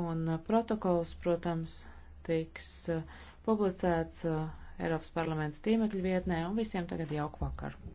Un uh, protokols, protams, tiks uh, publicēts uh, Eiropas parlamenta tīmekļa vietnē, un visiem tagad jauku vakaru!